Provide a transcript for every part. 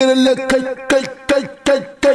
këj këj këj këj këj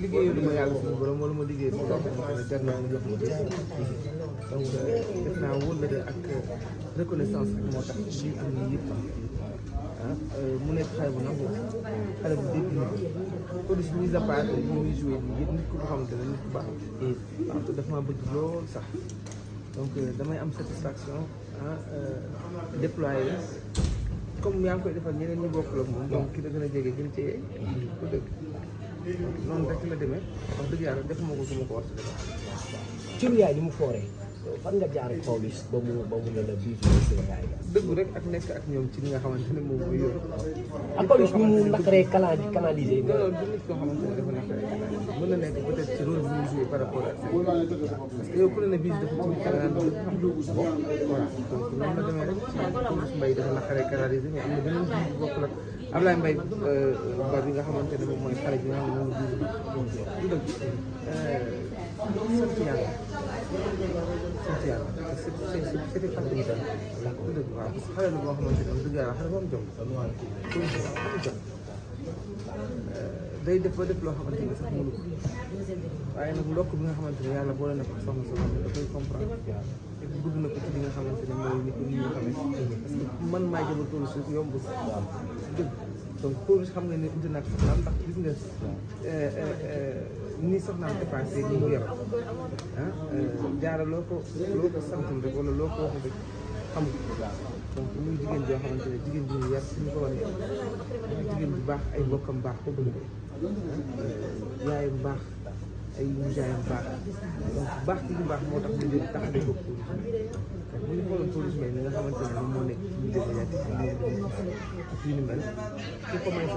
liggéeyu ma yàlla suñu ma mu jox ma def donc euh, def naa wóllare ak reconnaissance bi moo tax lii am ah, euh, mu nekk xale bu nangu xale ne nit ku baax waaw mm. sax donc euh, damay am satisfaction ah déployer comme yaa ngi koy defal ñeneen ñu bokk la moom ki la gën jege gën cee mm. ku noonu rek la demee wax dëgg yàlla defuma ko su ma ko war a defee. cër yaay ni mu fooree. fan nga jaar ak Pawlish ba mu ba mu ne la bii fii rek ak nekk ak ñoom ci li nga xamante ne moom mooy yoon. ak ah, Pawlish ni mu naqaree canaliser. non non du nit koo xamante ne dafa naqaree canaliser mën na nekk peut être ci rôle bi muy joué par rapport ak. parce que yow ku ne ne bii dafa tuuti canaliser voilà donc noonu la demee rek ci Pawlish Mbaye dafa Ablaye Mbaye euh, ba bi nga xamante ne moom mooy xale bi nga xam ne moom euh, sant yàlla sant yàlla c'était pas évident waaw xale la boo xamante ne dëgg yàlla xale bu am jom day def ba def loo xamante ne sax mënul waaye nag ndokk bi nga xamante ne yàlla boole na ko soxna si xam ne da koy comprendre te gudd na ko ci li nga xamante ne mooy nit ñi nga xamante parce que man maa jëma toolu suuf yombul dëgg donc toolu xam nga ne uti naa ko soxnaam ndax gis nga eh, eh, eh, ni soxnaam dépassé ni mu yor ah jaara loo ko loo ko santul rek wala loo ko waxul rek xam nga donc muy jigéen joo xamante ne jigéen ji ñu yar suñu ko wane jigéen bu baax ay mbokkam baax ko bëgg yaayam baax ay nijaayam baax donc baax gi ñu baax moo tax ñu jóg tax a jóg bu ñu xooloon police may ni nga xamante ne moo nekk ci milieu médiatique bi moom ak yu ni mel ku ko may sa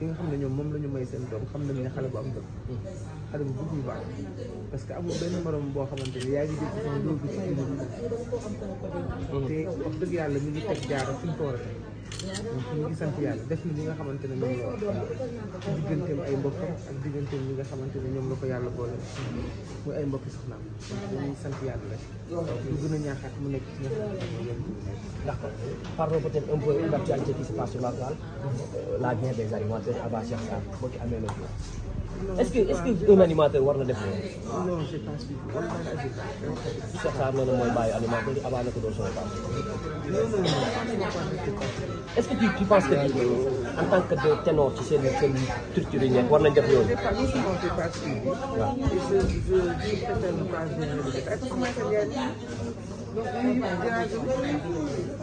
nga xam ne ñoom moom la may seen doom xam nañ ne xale bu am doom xale bu baax parce que amul benn morom boo xamante ne yaa ngi dégg sama doogu ci kii mm. te wax dëgg yàlla ñu ngi teg jaara fi ñu ko war a teg ngi sant yàlla def na li nga xamante ne moom la wax digganteem ay mbokkam ak digganteem li nga xamante ne ñoom la ko yàlla boole muy ay mbokki soxnaam dañuy sant yàlla rek ñu gën a mu nekk ci nga xamante ne moom d'accord parlons peut-être un peu de l'actualité qui se la toile euh, la grève des animateurs Abba Cheikh Sarr boo ci est-ce que est-ce que un animateur war na def loolu. non je pense que. saxaar na ne mooy bàyyi animateur yi avant na ko doon soxla. est-ce que tu tu penses que en tant que ténor ci seen seen structure yi nekk war nañ def loolu. waaw.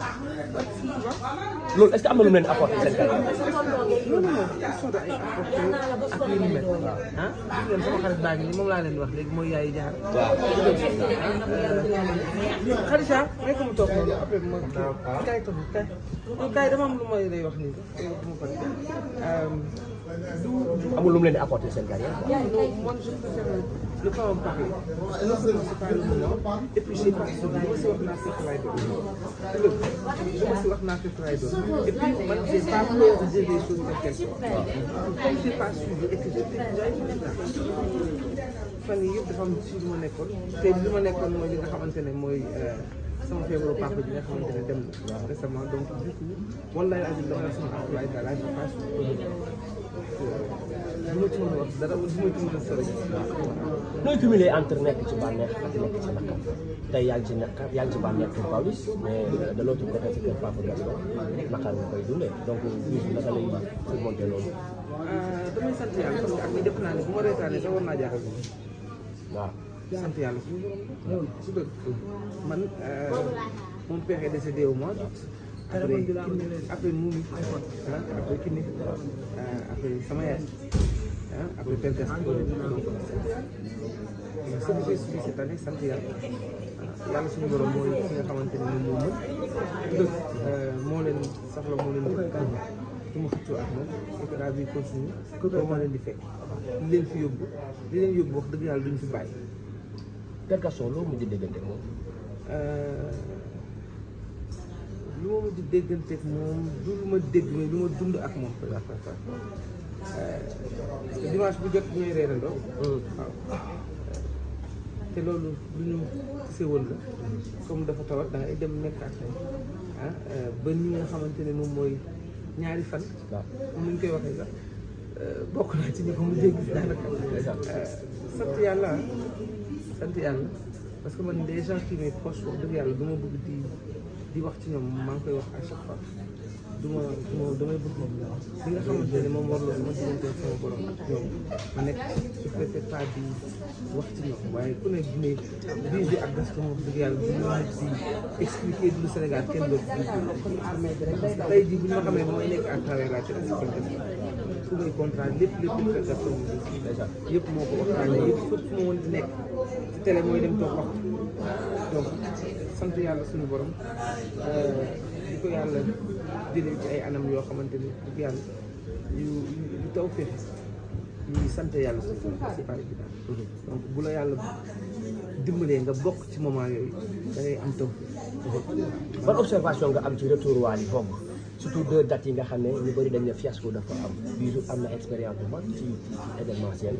loolu est-ce que am na lu mu leen apporté seen kanam. non non non ay apporté ak yu ni mel. ah gis sama xarit baa ngi nii moom laa leen wax léegi mooy yaay jaar. waaw xarit Sarr rek mu toog noonu après ma kii kaay toog kaay kaay dama am lu may lay wax nii. amul lu mu leen di apporté seen carrière. ne pas en parler. Je ne sais pas le moment. Et puis j'ai pas de somme. Je me suis wax naa fekk laay doon. Je me suis wax naa fekk laay doon. Et puis man j'ai pas peur de dire des choses de quelqu'un. Comme j'ai pas suivi et que j'étais déjà fan yii yëpp dafa am ci li ma nekkoon te li ma nekkoon mooy li nga xamante ne mooy. Euh, sama feebaru papa ji nga xamante ne dem na récemment donc du coup wallaay azim dama ne sama akulaay daal laa ñu paas du ma ci mën a wax dara du ma ci mën a sori nooy cumuler entre nekk ci bànneex ak nekk ci naqar tey yaa ngi ci naqar yaa ngi ci bànneex kër Pawlish mais de l'autre côté ci kër Papa Gaston naqar nga koy dundee donc bis bi naka lay surmonter loolu euh, damay sant yàlla parce que ak mi def naa ne bu ma reetaanee sax war naa jaaxal waaw sant yàlla suñu borom la loolu su dëgg man moom pexe décédé au mois d'août après après muumi après kinni après sama yaay après pergas donc ce que j'ai suivi cette année sant yàlla yàlla suñu borom mooy ki nga xamante ne moom moo mën dëgg moo leen soxla moo leen su ma xëccoo ak moom écran bi continue moo leen di fekk li leen fi yóbbu li leen yóbbu wax dëgg yàlla duñu fi bàyyi Père Gaston loo mujj déggante moom. Eh, lu ma mujj déggante moom lu ma dégg dund ak moom. parce que bu jot bu ñuy reerandoo. waaw hmm. te loolu lu ñu gisee woon la. comme dafa tawat da ngay dem nekk ak ah eh, ba ni nga xamante ne moom mooy ñaari fan. mu comme ñu koy waxee sax. Eh, bokk naa ci ñi ko mujjee gis daanaka. sant yàlla ah. sant parce que man des gens qui mes wax dëgg yàlla du ma di di wax ci ñoom maa ngi koy wax à chaque fois du ma du ma damay nga xamante ne moom war loolu ma diggante sama borom ak ñoom ma di wax wax dëgg yàlla du ma di expliquer du Sénégal kenn dootu tey jii bu ñu ma xamee ba may nekk à travers la télévision su ngay contrat lépp lépp lu fekk yëpp moo ko waxtaanee yëpp fépp fu mu woon di nekk ci télé mooy dem toog wax donc sant yàlla suñu borom euh, di ko yàlla jëlee ci ay anam yoo xamante ni dëgg yàlla yu yu taw féex ñuy sant yàlla suñu borom si pare bi daal mhm. bu la yàlla dimbalee nga bokk ci moment yooyu da am taw mhm. ban observation nga am ci retour waal yi foofu surtout deux dates yi nga xam ne ñu bëri dañ ne fiasco dafa am expérience bu mag ci ci événementiel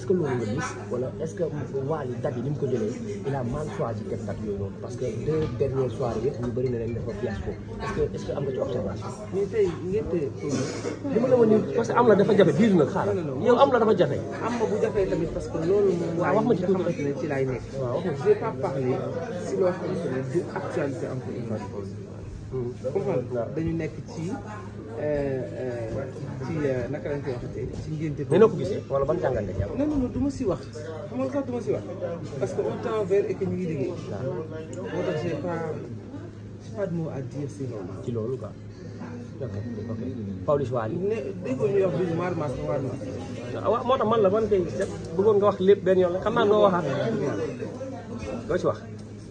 ce que loolu nga gis wala est que Wally date yi ni mu ko jëlee il a mal choisi teg date yooyu parce que deux dernières soirées e ñu bëri na leen dafa que est que am nga observation. mais tey ñeente. li ma la que am la dafa jafe Bijou nag xaaral. yow am la dafa jafe. am nga bu jafee tamit que loolu moom. waaw wax ma ci tuuti ci laay nekk. waaw wax ma ne du actualité dañu nekk ci euh, euh, ci euh, naka koy waxatee ci ngénte bi. ko gisee wala ban jàngat la non ma si wax xam parce que on tend vers et que moo tax si loolu. ci loolu quoi. ok ok Pawlish Waly. ne déggoo ñuy wax bii maar ah, moo tax man la man kay bëggoon nga wax lépp benn yoon la xam naa noo waxaat. doo ci wax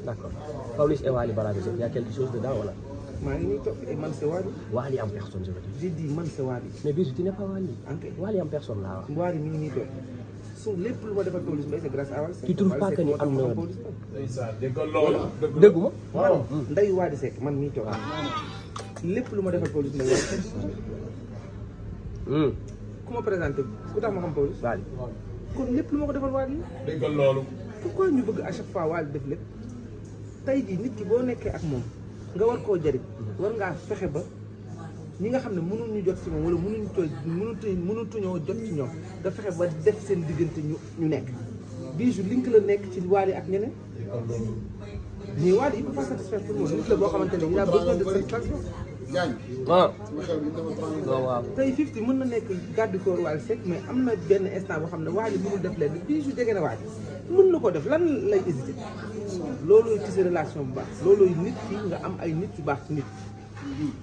d' accord Pawlish et Waly Ballago Seck y' a quelque chose dedans wala. maa ngi nii toog man c'est Wally. Wally en personne je veux dire. j'ai dit man c'est Wally. mais Bijou tu n'es pas Wally. ok Wally en personne laa wax. Wally mi ngi nii toog su lépp lu ma defal police bi c'est grâce à Wally Seck. tu trouves ni am na. dégg nga loolu. déggu ma waaw hmm. nday Wally Seck man mii toog. Ah. lépp lu ma defal police bi hmm. ku ma présenté ku tax ma xam police. Wally kon lépp lu ma ko defal Wally. dégg nga loolu. pourquoi ñu bëgg à chaque fois Wally def lépp tey jii nit ki boo nekkee ak moom. nga war koo jëriñ war ngaa fexe ba ñi nga xam ne mënuñu jot si moom wala mënuñu tooy mënutuñ mënutuñoo jot ci ñoom nga fexe ba def seen diggante ñu ñu nekk Bijou link la nekk ci Wally ak ñeneen mais Wally il peut pas satisfaire tout le monde xamante ne il a besoin de satisfaction jaañ ah. waaw ah, waaw tey fifty mën na nekk gàddu koor Wally Seck mais am na benn instant boo xam ne Wally mënul def leen bii su jege na Wally mën na ko def lan lay hésité loolooy see relation bu baax loolooy nit ki nga am ay nit yu baax ci nit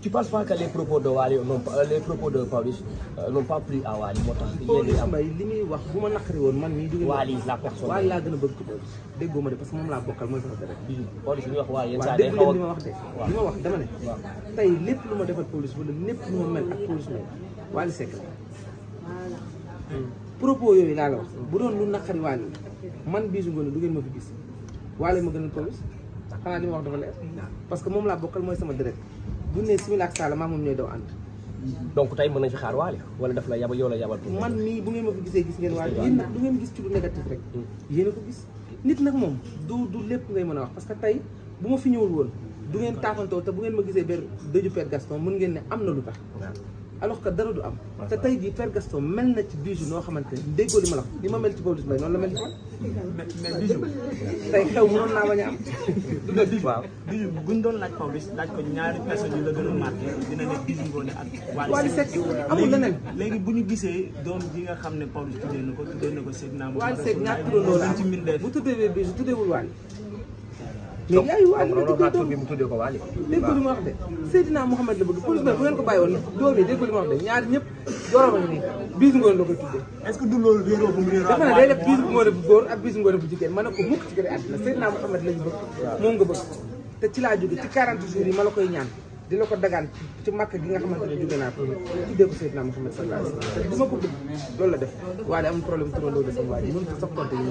tu penses pas de Wally non les propos de Pawlish euh, n'ont pas plu à Wally moo li muy wax bu ma naqari woon man mii jóge Wally la personne Wally a bëgg ko Pawlish déggoo ma de parce que moom laa bokkal mooy wax Wally yéen saa wax de li ma wax dama ne tey lépp lu ma defal Pawlish wala népp lu ma mel ak Pawlish Mbaye Wally Seck hmm. propos yooyu laa la wax bu doon lu naqari Wally man Bijou Ngoné du ngeen ma fi gis waale ma gën a Pawlish xanaa li ma wax dafa leer parce que moom laa bokkal mooy sama direct bu ne simila ak Salla maa moom ñooy daw ànd donc tey mën nañ fi xaar waale wala daf la yabal yow la yabal man mii bu ngeen ma ko gisee gis ngeen waale yéen nag du ngeen gis ci lu négatif rek hmm. yéen a ko gis nit nag moom du du lépp ngay mën a wax parce que tey bu ma fi ñëwul woon du ngeen taafantoo te bu ngeen ma gisee benn dëju Père Gaston mën ngeen ne am na lu tax alors que dara du am te tey jii Père Gaston mel na ci bijou noo xamante ne li ma la wax li ma mel ci Pawlish Mbaye noonu doon laaj Pawlish laaj ko a marqué dina ne bijou Ngoné ak Wally Seck bu ñu gisee doom ji nga xam ne Pawlish tuddee na ko tuddee na ko Seydina Wally Seck ñaar tuddee loolu bu mais yaay waa de Seydina Mouhamed la bëgg police bu ngeen ko bàyyi woon doom yi dégg ko li ma de ñaari ñëpp doorama biis ngoon la koy dafa ne day biis ngoon bu góor ak biis ngoon bu jigéen ma ne ko mukk ci kër àddina Seydina Mouhamed lañu bëgg moom nga bëgg te ci laa jóge ci 40 jours yi ma la koy ñaan di la ko dagaan ci gi nga xamante ne jóge naa ko tuddee ko Seydina Muhammad ko bëgg la def waaye amul problème turandoo de sama waa ji mënut a soppante ñu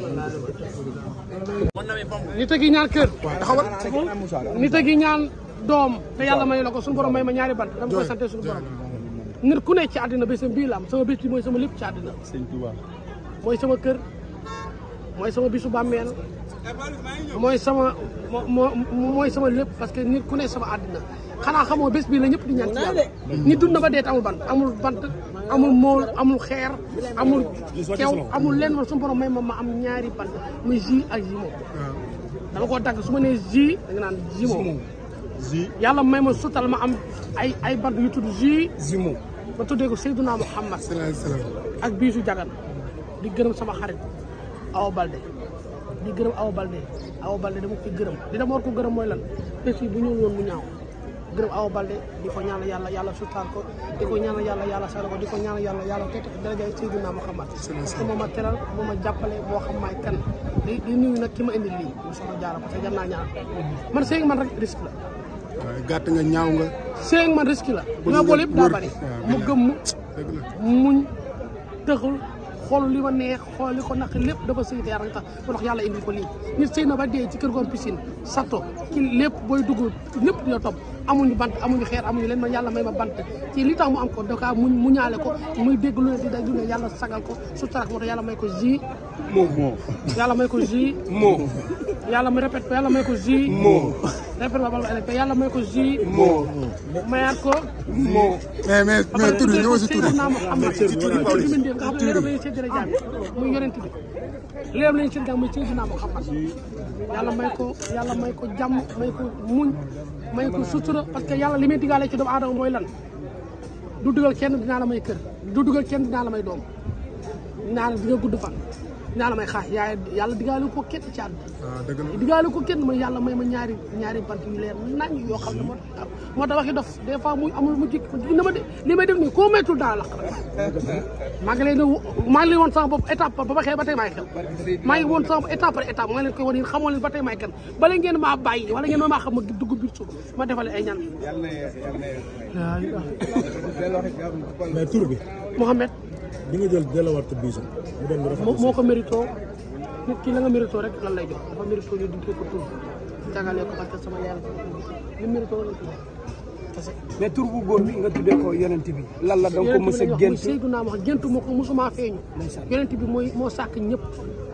nit a gi ñaan kër nit a gi ñaan doom te yàlla may la ko suñu borom may ma ñaari bant dama koy sante suñu borom nit ku ne ci àddina bésam bii la am sama bés bi mooy sama lépp ci àddina mooy sama kër mooy sama bisu bàmmeel mooy sama mooy sama lépp parce que nit ku ne sama àddina xanaa xamoo bés bii la ñëpp di ñaan ci yàlla nit dund na ba deet amul bant amul bant amul mool amul xeer amul kew amul lenn man suñu borom may ma ma am ñaari bant muy ji ak ji moom dama koo dagg su ma nee ji naan ji moom yàlla may ma sutal ma am ay ay bant yu tudd ji moom ma tuddee ko Seydina Muhammad ak biisu jagan di gërëm sama xarit Awa Balde di gërëm Awa Balde Awa Balde dama ko gërëm li dama war ko gërëm mooy lan bés bi bu ñëwul woon mu ñaaw gërëm Awa Balde di ko yàlla yàlla sutaan ko di ko yàlla yàlla sal ko di ko ñaanal yàlla yàlla teg darajaay Seydina Muhammad te moo ma teral moo ma jàppale moo xam maay kan di ki ma indil lii mu soxna jaara naa ñaanal man sëy man rek risque la gàtt nga ñaaw nga sëy man risque la li ma boole yëpp daa bari ah, mu gëm mu muñ tëxul xool li ma neex xool ko naq lépp dafa sëy te yaram tax ba yàlla indil ko lii nit sëy na ba dee ci kër goom piscine sato ki lépp booy dugg lépp dina topp amuñu bant amuñu xeer amuñu leen ma yàlla may ma bant ci li tax mu am ko daka mu mu ko muy dégg lu ne di daju ne yàlla sagal ko suutarak moo tax yàlla may ko ji moo yàlla may ko moo yàlla mu répète ko yàlla may ko ji moo répète ba yàlla may ko ji moo mayaat ko moo mais mais mais tur bi ñëw si tur bi. ci tur bi Pawlish tur bi nga xam ne léeg-léeg seen jërëjëf bi muy yonent bi léeg-léeg lañu seen jàmm muy Seydina Muhammad yàlla may ko yàlla may ko jàmm may ko muñ may ko sutura parce que yàlla li muy digaale ci doomu aadama mooy lan du dugal kenn dinaa la may kër du dugal kenn dinaa la may doom dinaa la dinga gudd fan. naa la may xaay yaay yàlla diggaale ko kenn ci àdduna diggaale ko kenn may yàlla may ma ñaari ñaari bant yu leer nañ yoo xam ne moo tax dof des mu jik na ma def nii koo maytul daal ngi leen maa ngi woon sama bopp étape ba baxee ba tey maay xew maa maa ngi leen koy ba tey maay kan bala ngeen maa bàyyi wala ngeen ma maa xam ma dugg biir suuf bi Mohamed li nga jël delluwaat ko biisu mu dem rafetlu si moo ko mérito nit ki la nga mérito rek lan lay jox dafa mérito ñu dikkee ko tur parce que sama yaay la li mérito la mais tur bu góor bi nga tuddee ko yonent bi lan la da nga ko mës a gént yonent bi la ñu wax muy Seydou naa feeñu yonent bi mooy moo sàkk ñëpp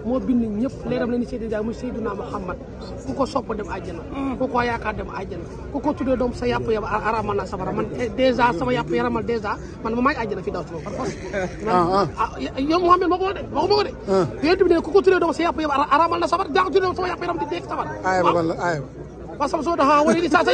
moo bind ñëpp leeram la ni Seydou Ndiaye muy Seydina Muhammad ku ko sopp dem àjjana mm. ku ko yaakaar dem àjjana ku ko tuddee doom sa yàpp yaba aramal na safara man eh, dèjà sama yàpp yaramal dèjà man ma maay àjjana fi daw sama par force ah, ah. Ah, yow Mouhamed ma ko de ma ko ma ko de yéen bi ne ku ko tuddee doom sa yàpp yaba aramal na safara daa ko tuddee sama yàpp yaram di dégg safara waaw parce que soo daxa wala li saa sa